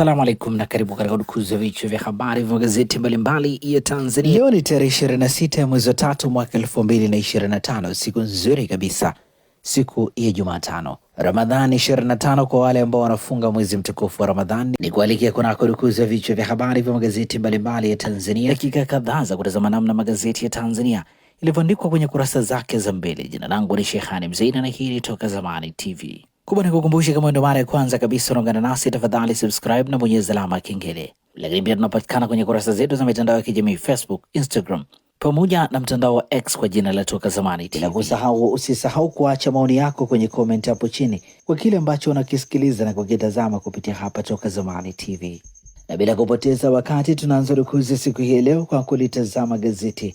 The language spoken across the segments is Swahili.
Assalamu alaikum na karibu katika udukuzi ya vichwa vya habari vya magazeti mbalimbali ya Tanzania. Leo ni tarehe 26 ya mwezi wa tatu mwaka 2025, siku nzuri kabisa, siku ya Jumatano, Ramadhani 25 kwa wale ambao wanafunga mwezi mtukufu wa Ramadhani. Ni kualikia kunako dukuzi ya vichwa vya habari vya magazeti mbalimbali ya Tanzania, dakika kadhaa za kutazama namna magazeti ya Tanzania ilivyoandikwa kwenye kurasa zake za mbele. Jina langu ni Shehani Mzeina na hii ni Toka Zamani TV. Kubwa ni kukumbusha, kama ndio mara ya kwanza kabisa unaungana nasi, tafadhali subscribe na bonyeza alama ya kengele. Lakini pia tunapatikana kwenye kurasa zetu za mitandao ya kijamii Facebook, Instagram pamoja na mtandao wa X kwa jina la Toka Zamani TV. Bila kusahau, usisahau kuacha maoni yako kwenye comment hapo chini kwa kile ambacho unakisikiliza na kukitazama kupitia hapa Toka Zamani TV, na bila kupoteza wakati tunaanza rukuzi siku hii leo kwa kulitazama gazeti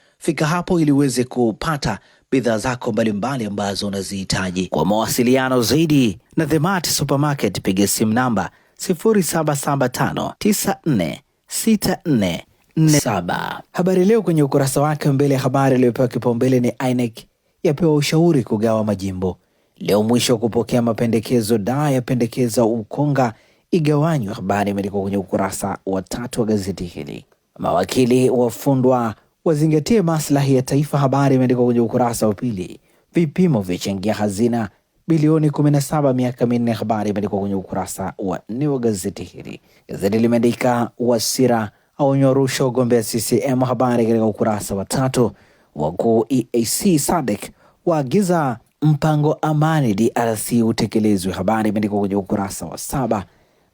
fika hapo ili uweze kupata bidhaa zako mbalimbali ambazo unazihitaji. Kwa mawasiliano zaidi na The Mart Supermarket, piga simu namba 0775946447. Habari Leo kwenye ukurasa wake mbele ya habari iliyopewa kipaumbele ni INEC yapewa ushauri kugawa majimbo leo, mwisho wa kupokea mapendekezo. Daa yapendekeza Ukonga igawanywe. Habari imeandikwa kwenye ukurasa wa tatu wa gazeti hili. Mawakili wafundwa wazingatie maslahi ya taifa. Habari imeandikwa kwenye ukurasa wa pili. Vipimo vyachangia hazina bilioni 17 miaka minne. Habari imeandikwa kwenye ukurasa wa nne wa gazeti hili. Gazeti limeandika Wasira aonywa rushwa ugombea CCM, habari katika ukurasa wa tatu. Wakuu EAC SADC waagiza mpango amani DRC utekelezwe, habari imeandikwa kwenye ukurasa wa saba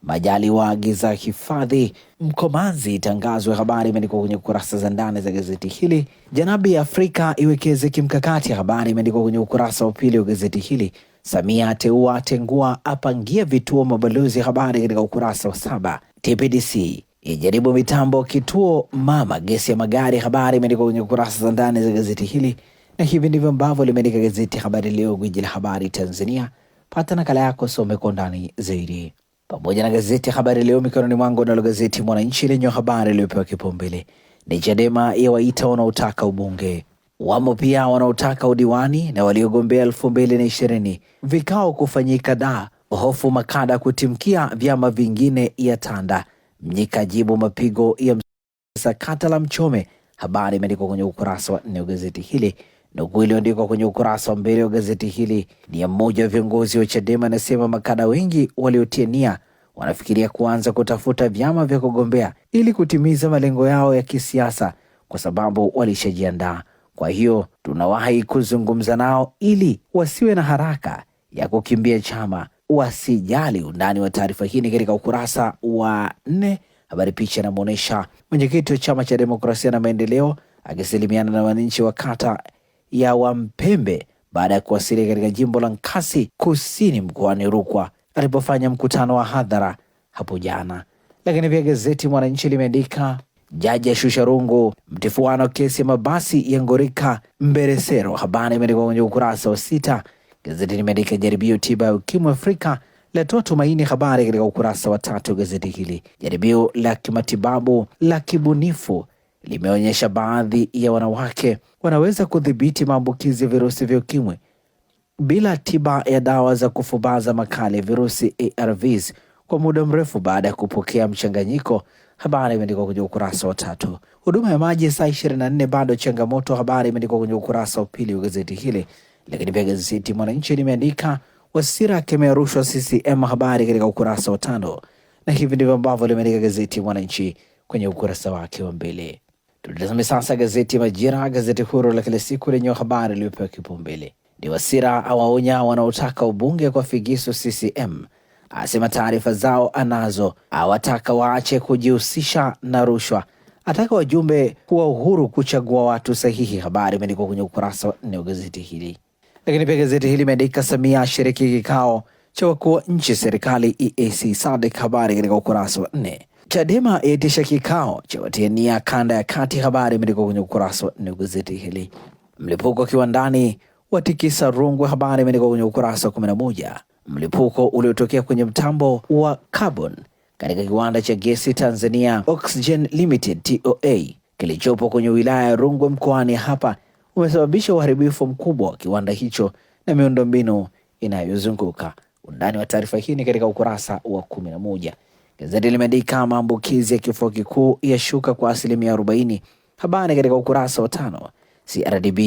majali waagiza hifadhi Mkomazi itangazwe. Habari imeandikwa kwenye kurasa za ndani za gazeti hili. Janabi ya Afrika iwekeze kimkakati, habari imeandikwa kwenye ukurasa wa pili wa gazeti hili. Samia ateua atengua, apangia vituo mabalozi, habari katika ukurasa wa saba. TPDC ijaribu mitambo kituo mama gesi ya magari, habari imeandikwa kwenye kurasa za ndani za gazeti hili, na hivi ndivyo ambavyo limeandika gazeti Habari Leo, gwiji la habari Tanzania. Pata nakala yako, some kwa ndani zaidi pamoja na gazeti Habari Leo mikononi mwangu, nalo gazeti Mwananchi lenye habari iliyopewa kipaumbele ni Chadema yawaita wanaotaka ubunge, wamo pia wanaotaka udiwani na waliogombea elfu mbili na ishirini vikao kufanyika da hofu makada kutimkia vyama vingine ya tanda Mnyika jibu mapigo ya sakata la Mchome. Habari imeandikwa kwenye ukurasa wa nne wa gazeti hili. Nukuu iliyoandikwa kwenye ukurasa wa mbele wa gazeti hili ni ya mmoja wa viongozi wa Chadema, anasema makada wengi waliotia nia wanafikiria kuanza kutafuta vyama vya kugombea ili kutimiza malengo yao ya kisiasa kwa sababu walishajiandaa. Kwa hiyo tunawahi kuzungumza nao ili wasiwe na haraka ya kukimbia chama, wasijali. Undani wa taarifa hii ni katika ukurasa wa nne. Habari picha inamwonyesha mwenyekiti wa chama cha demokrasia na maendeleo akisalimiana na wananchi wa kata ya Wampembe baada ya kuwasili katika jimbo la Nkasi Kusini mkoani Rukwa alipofanya mkutano wa hadhara hapo jana. Lakini pia gazeti Mwananchi limeandika jaji ashusha rungu mtifuano kesi ya mabasi ya ngorika Mberesero. Habari imeandikwa kwenye ukurasa wa sita. Gazeti limeandika jaribio tiba ya ukimwi Afrika latoa tumaini, habari katika ukurasa wa tatu gazeti hili. Jaribio la kimatibabu la kibunifu limeonyesha baadhi ya wanawake wanaweza kudhibiti maambukizi ya virusi vya ukimwi bila tiba ya dawa za kufubaza makali ya virusi ARVs kwa muda mrefu baada ya kupokea mchanganyiko. Habari imeandikwa kwenye ukurasa wa tatu. Huduma ya maji saa na nne bado changamoto, habari imeandikwa kwenye ukurasa wa pili wa gazeti hili. Lakini pia gazeti Mwananchi limeandika Wasira akemea rushwa CCM, habari katika ukurasa wa tano, na hivi ndivyo ambavyo limeandika gazeti Mwananchi kwenye ukurasa wake wa mbele. Tutazame sasa gazeti ya Majira, gazeti huru la kila siku lenye habari iliyopewa kipaumbele ni Wasira awaonya wanaotaka ubunge kwa figisu CCM, asema taarifa zao anazo, awataka waache kujihusisha na rushwa, ataka wajumbe kuwa uhuru kuchagua watu sahihi. Habari imeandikwa kwenye ukurasa wa nne wa gazeti hili. Lakini pia gazeti hili imeandika Samia ashiriki kikao cha wakuu wa nchi serikali EAC SADC, habari katika ukurasa wa nne Chadema yaitisha kikao cha watiania kanda ya kati. Habari imeandikwa kwenye ukurasa wa nne gazeti hili. Mlipuko kiwandani watikisa Rungwe, habari imeandikwa kwenye ukurasa wa kumi na moja. Mlipuko uliotokea kwenye mtambo wa carbon katika kiwanda cha gesi Tanzania Oxygen Limited TOA kilichopo kwenye wilaya ya Rungwe mkoani hapa umesababisha uharibifu mkubwa wa kiwanda hicho na miundombinu inayozunguka. Undani wa taarifa hii ni katika ukurasa wa kumi na moja. Gazeti limeandika maambukizi ya kifua kikuu yashuka kwa asilimia 40, habari katika ukurasa wa tano. CRDB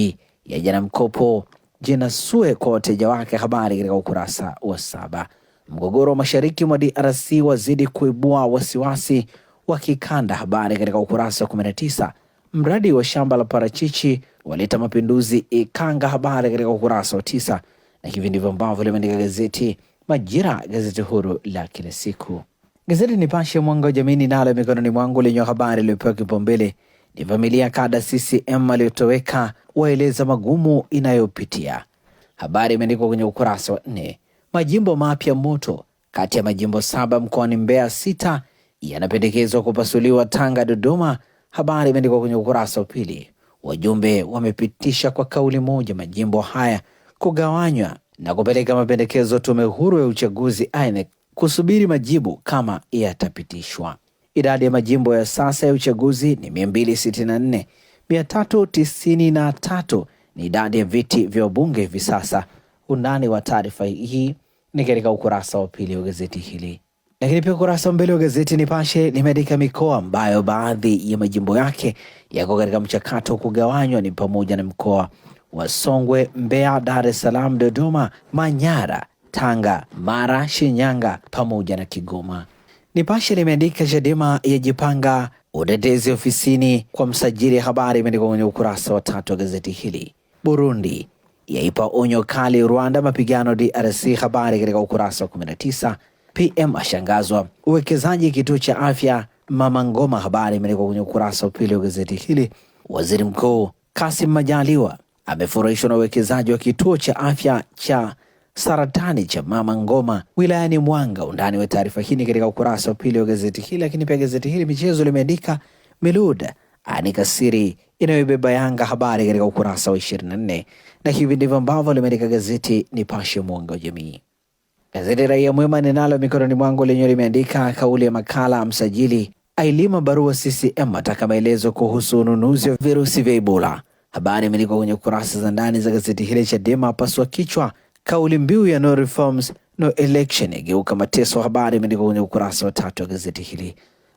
ya jana mkopo jina sue kwa wateja wake, habari katika ukurasa wa saba. Mgogoro wa mashariki mwa DRC wazidi kuibua wasiwasi wa kikanda, habari katika ukurasa wa 19. Mradi wa shamba la parachichi waleta mapinduzi Ikanga, habari katika ukurasa wa tisa. Na hivi ndivyo ambavyo limeandika gazeti Majira, gazeti huru la kila siku. Gazeti Nipashe mwanga wa jamii ninalo mikononi mwangu lenye habari iliyopewa kipaumbele ni familia kada CCM aliyotoweka waeleza magumu inayopitia. Habari imeandikwa kwenye ukurasa wa nne. Majimbo mapya moto, kati ya majimbo saba mkoani Mbeya sita yanapendekezwa kupasuliwa Tanga, Dodoma. Habari imeandikwa kwenye ukurasa wa pili. Wajumbe wamepitisha kwa kauli moja majimbo haya kugawanywa na kupeleka mapendekezo tume huru ya uchaguzi INEC kusubiri majibu kama yatapitishwa. Idadi ya majimbo ya sasa ya uchaguzi ni 264. 393 ni idadi ya viti vya wabunge hivi sasa. Undani wa taarifa hii ni katika ukurasa wa pili wa gazeti hili, lakini pia ukurasa wa mbele wa gazeti Nipashe limeandika mikoa ambayo baadhi ya majimbo yake yako katika mchakato wa kugawanywa ni pamoja na mkoa wa Songwe, Mbeya, Dar es Salaam, Dodoma, Manyara, Tanga, Mara, Shinyanga pamoja na Kigoma. Nipashe limeandika Chadema yajipanga utetezi ofisini kwa msajili, habari imeandikwa kwenye ukurasa wa tatu wa gazeti hili. Burundi yaipa onyo kali Rwanda mapigano DRC, habari katika ukurasa wa 19. PM ashangazwa uwekezaji kituo cha afya Mama Ngoma, habari imeandikwa kwenye ukurasa wa pili wa gazeti hili. Waziri Mkuu Kasim Majaliwa amefurahishwa na uwekezaji wa kituo cha afya cha saratani cha mama ngoma wilayani Mwanga. Undani wa taarifa hii ni katika ukurasa wa pili wa gazeti hili, lakini pia gazeti hili michezo limeandika Miluda anika siri inayobeba Yanga, habari katika ukurasa wa 24, na hivi ndivyo ambavyo limeandika gazeti Nipashe Mwanga wa Jamii. Gazeti Raia Mwema ninalo mikononi mwangu, lenyewe limeandika kauli ya makala msajili ailima barua CCM ataka maelezo kuhusu ununuzi wa virusi vya Ebola. Habari imeandikwa kwenye kurasa za ndani za gazeti hili. Chadema pasua kichwa Kauli mbiu ya no reforms no election igeuka mateso, habari imeandikwa kwenye ukurasa wa tatu wa gazeti hili.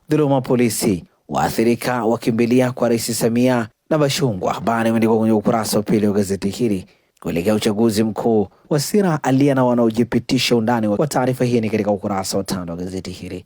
Dhuluma polisi, waathirika wakimbilia kwa Rais Samia na Bashungwa, habari imeandikwa kwenye ukurasa wa pili wa gazeti hili. Kuelekea uchaguzi mkuu, Wasira aliye na wanaojipitisha. Undani wa taarifa hii ni katika ukurasa wa tano wa gazeti hili.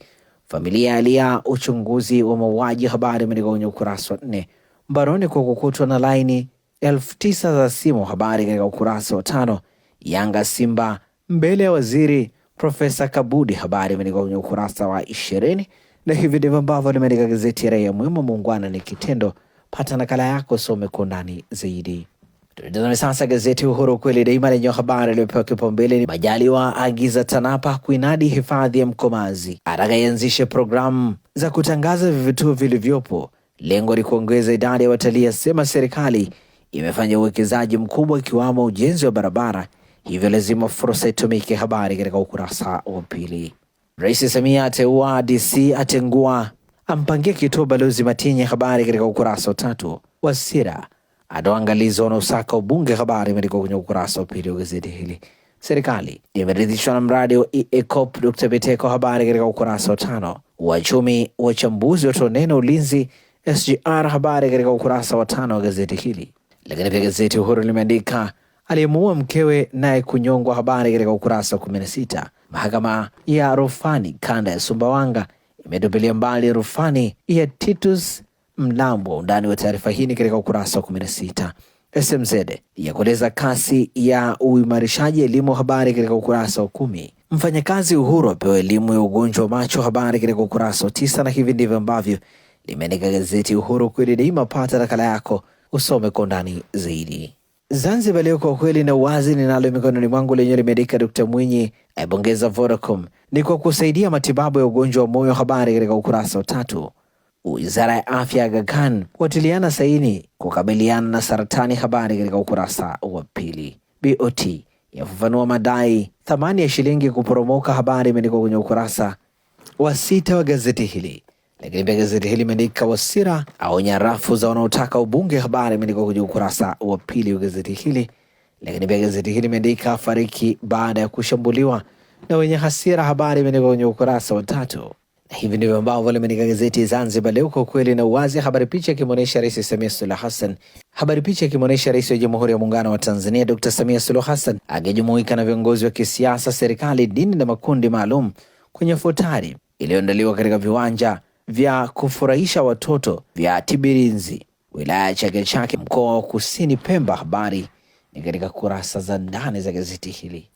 Familia alia uchunguzi wa mauaji, habari imeandikwa kwenye ukurasa wa nne. Mbaroni kwa kukutwa na laini elfu tisa za simu, habari katika ukurasa wa tano. Yanga Simba mbele ya waziri Profesa Kabudi. Habari imeandikwa kwenye ukurasa wa ishirini, na hivi ndivyo ambavyo limeandika gazeti ya Raia Mwema. Muungwana ni kitendo. Pata nakala yako, some kwa undani zaidi. Tutazame sasa gazeti Uhuru kweli daima lenye habari iliyopewa kipaumbele ni Majaliwa agiza TANAPA kuinadi hifadhi ya Mkomazi, atakayeanzishe programu za kutangaza vivutio vilivyopo, lengo ni kuongeza idadi ya watalii, asema serikali imefanya uwekezaji mkubwa ikiwamo ujenzi wa barabara hivyo lazima fursa itumike. Habari katika ukurasa wa pili. Rais Samia ateua DC atengua, ampangia kituo balozi Matinye. Habari katika ukurasa wa tatu. Wasira na usaka ubunge. Habari imeandikwa kwenye ukurasa wa pili wa gazeti hili. Serikali imeridhishwa na mradi wa EACOP Dr. Biteko. Habari katika ukurasa wa tano. Wachumi wachambuzi watoa neno ulinzi SGR. Habari katika ukurasa wa tano wa gazeti hili. Lakini pia gazeti Uhuru limeandika aliyemuua mkewe naye kunyongwa. Habari katika ukurasa wa kumi na sita. Mahakama ya rufani kanda ya Sumbawanga imetupilia mbali rufani ya Titus Mlambo. Undani wa taarifa hii ni katika ukurasa wa sita. SMZ ya kueleza kasi ya uimarishaji elimu, habari katika ukurasa wa kumi. Mfanyakazi Uhuru apewa elimu ya ugonjwa wa macho, habari katika ukurasa wa tisa. Na hivi ndivyo ambavyo limeandika gazeti Uhuru kweli daima. Pata nakala yako usome kwa undani zaidi. Zanzibar Leo kwa kweli na uwazi ninalo mikononi mwangu lenye limeandika Dkt. Mwinyi aipongeza Vodacom ni kwa kusaidia matibabu ya ugonjwa wa moyo, habari katika ukurasa wa tatu. Wizara ya Afya Aga Khan watiliana saini kukabiliana na saratani, habari katika ukurasa wa pili. BOT yafafanua madai thamani ya shilingi kuporomoka, habari imeandikwa kwenye ukurasa wa sita wa gazeti hili. Lakini pia gazeti hili imeandika Wasira aonya rafu za wanaotaka ubunge, habari imeandikwa kwenye ukurasa wa pili wa gazeti hili. Lakini pia gazeti hili imeandika fariki baada ya kushambuliwa na wenye hasira, habari imeandikwa kwenye ukurasa wa tatu. Na hivi ndivyo ambavyo limeandika gazeti Zanzibar Leo, kwa kweli na uwazi. Habari picha ikimwonyesha Rais Samia Suluhu Hassan, habari picha ikimwonyesha Rais wa Jamhuri ya Muungano wa Tanzania Dr. Samia Suluhu Hassan akijumuika na viongozi wa kisiasa, serikali, dini na makundi maalum kwenye futari iliyoandaliwa katika viwanja vya kufurahisha watoto vya Tibirinzi wilaya ya Chake Chake mkoa wa Kusini Pemba. Habari ni katika kurasa za ndani za gazeti hili.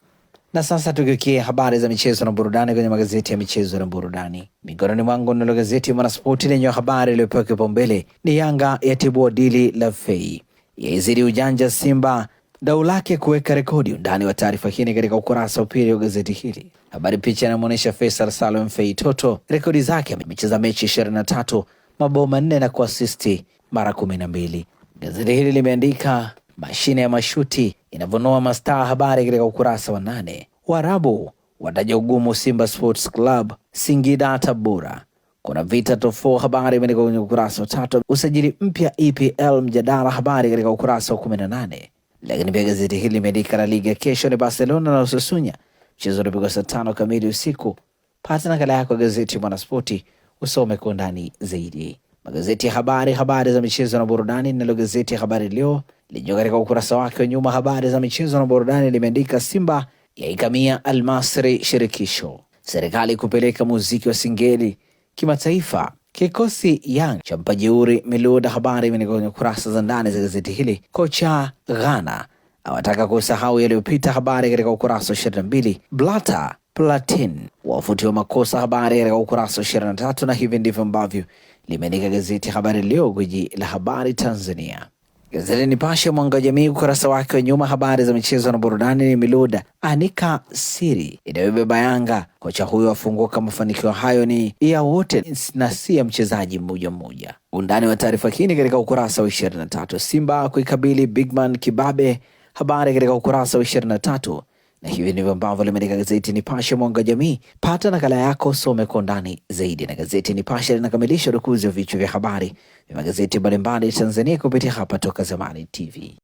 Na sasa tukiukia habari za michezo na burudani kwenye magazeti ya michezo na burudani mikononi mwangu, nalo gazeti Mwanaspoti lenye habari iliyopewa kipaumbele ni Yanga yatibua dili la Fei, yaizidi ujanja Simba dau lake kuweka rekodi. Undani wa taarifa hii katika ukurasa wa pili wa gazeti hili. Habari picha inamwonyesha Faisal Salum Feitoto, rekodi zake amecheza mechi 23, mabao manne na kuasisti mara kumi na mbili. Gazeti hili limeandika mashine ya mashuti inavyonoa mastaa, habari katika ukurasa wa nane. Waarabu wataja ugumu Simba Sports Club Singida Tabora, kuna vita tofo, habari imeandikwa kwenye ukurasa wa tatu. Usajili mpya EPL mjadala, habari katika ukurasa wa kumi na nane. Lakini pia gazeti hili limeandika La Liga kesho ni Barcelona na Ususunya Mchezo unapigwa saa tano kamili usiku. Pata nakala yako ya gazeti Mwanaspoti usome kwa undani zaidi. Magazeti ya habari, habari za michezo na burudani. Nalo gazeti ya Habari Leo lenyewe katika ukurasa wake wa nyuma, habari za michezo na burudani, limeandika Simba yaikamia Almasri shirikisho, serikali kupeleka muziki wa singeli kimataifa, kikosi Yang cha jeuri Miluda. Habari imeandikwa kwenye kurasa za ndani za gazeti hili. Kocha Ghana awataka kusahau yaliyopita. Habari katika ukurasa wa 22. Blata Platin wafutiwa makosa, habari katika ukurasa wa 23. Na hivi ndivyo ambavyo limeandika gazeti Habari Leo, gwiji la habari Tanzania. Gazeti Nipashe mwanga wa jamii, ukurasa wake wa nyuma, habari za michezo na burudani ni Miluda anika siri inayobeba Yanga. Kocha huyo afunguka, mafanikio hayo ni ya wote na si ya mchezaji mmoja mmoja. Undani wa taarifa kini katika ukurasa wa 23. Simba kuikabili Bigman Kibabe habari katika ukurasa wa 23 na hivi ndivyo ambavyo limeandika gazeti Nipashe mwanga jamii. Pata nakala yako, some kwa undani zaidi, na gazeti Nipashe linakamilisha rukuzi wa vichwa vya habari vya magazeti mbalimbali Tanzania kupitia hapa Toka Zamani TV.